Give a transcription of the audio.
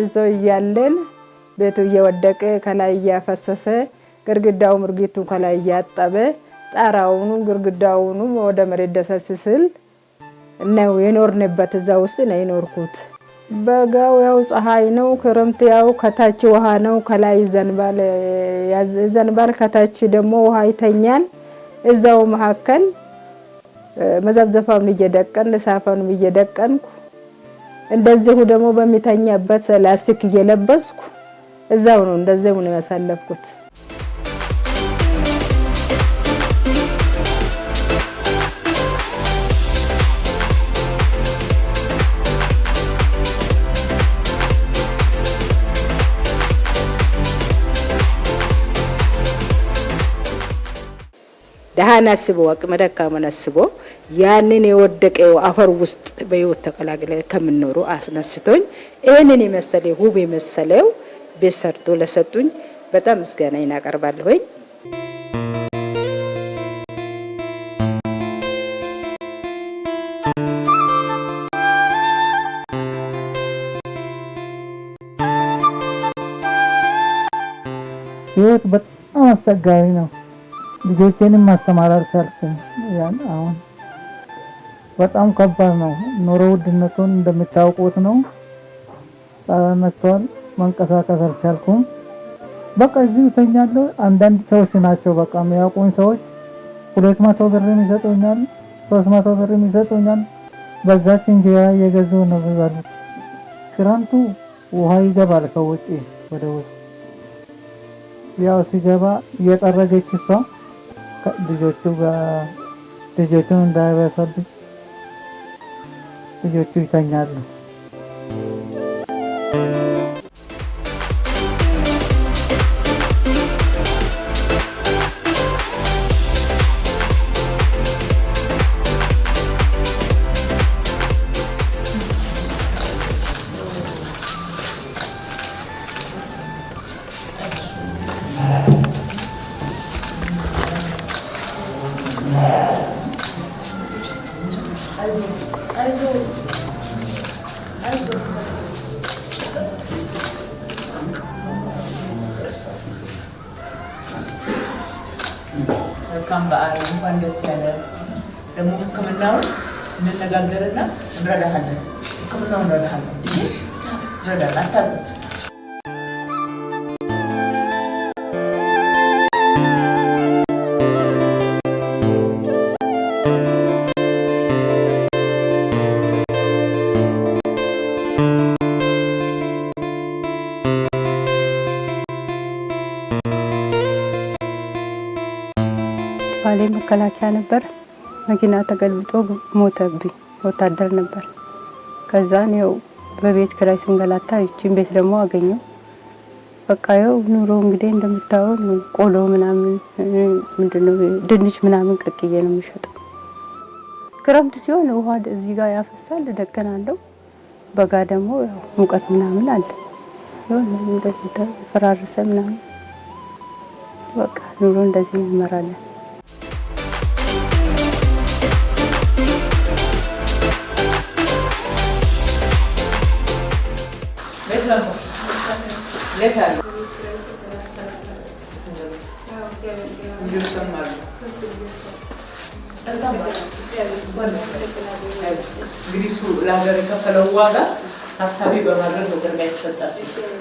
እዞ እያለን ቤቱ እየወደቀ ከላይ እያፈሰሰ ግርግዳው ምርጊቱ ከላይ እያጠበ ጣራውኑ ግርግዳውኑ ወደ መሬት ደሰስ ስል ነው የኖርንበት። እዛ ውስጥ ነው የኖርኩት። በጋው ያው ፀሐይ ነው፣ ክረምት ያው ከታች ውሃ ነው፣ ከላይ ዘንባል ዘንባል፣ ከታች ደግሞ ውሃ ይተኛል። እዛው መካከል መዘብዘፋም እየደቀን ሳፋንም እየደቀንኩ እንደዚሁ ደግሞ በሚተኛበት ላስቲክ እየለበስኩ እዛው ነው እንደዚሁ ነው ያሳለፍኩት። ደሃን አስቦ አቅመ ደካማን አስቦ ያንን የወደቀው አፈር ውስጥ በህይወት ተቀላቅለ ከምኖሩ አስነስቶኝ ይህንን የመሰለ ውብ የመሰለው ቤት ሰርቶ ለሰጡኝ በጣም ምስጋና ይናቀርባለሁኝ። ህይወት በጣም አስቸጋሪ ነው። ልጆቼንም ማስተማር አልቻልኩም። አሁን በጣም ከባድ ነው። ኑሮ ውድነቱን እንደምታውቁት ነው። መጥቷል። መንቀሳቀስ አልቻልኩም። በቃ እዚሁ ይተኛለሁ። አንዳንድ ሰዎች ናቸው በቃ የሚያውቁኝ ሰዎች ሁለት መቶ ብርም ይሰጡኛል፣ ሶስት መቶ ብርም ይሰጡኛል። በዛች እንጀራ እየገዙ ነው የሚበሉት። ክረምቱ ውሃ ይገባል ከውጭ ወደ ውጭ ያው ሲገባ እየጠረገች እሷ ልጆቹ ጋር ልጆቹን እንዳይበሰብስ Sejam ativos da nada. Thank መልካም በዓል እንኳን ደስ ያለ። ደግሞ ሕክምናውን እንነጋገርና እንረዳሃለን። ሕክምናውን እንረዳሃለን። ረዳ አታገዝ ባሌ መከላከያ ነበር። መኪና ተገልብጦ ሞተብኝ። ወታደር ነበር። ከዛን ያው በቤት ክራይ ስንገላታ ይችን ቤት ደግሞ አገኘው። በቃ ያው ኑሮ እንግዲህ እንደምታየው ቆሎ ምናምን ምንድነው ድንች ምናምን ቀቅዬ ነው የሚሸጠው። ክረምት ሲሆን ውሃ እዚህ ጋር ያፈሳል እደቅናለሁ። በጋ ደግሞ ሙቀት ምናምን አለ ፈራርሰ ምናምን በቃ ኑሮ እንደዚህ እንመራለን። የት አሉ? እንግዲህ እሱ ለሀገር የከፈለው ዋጋ ታሳቢ በማድረግ ነው ቅድሚያ የተሰጣል።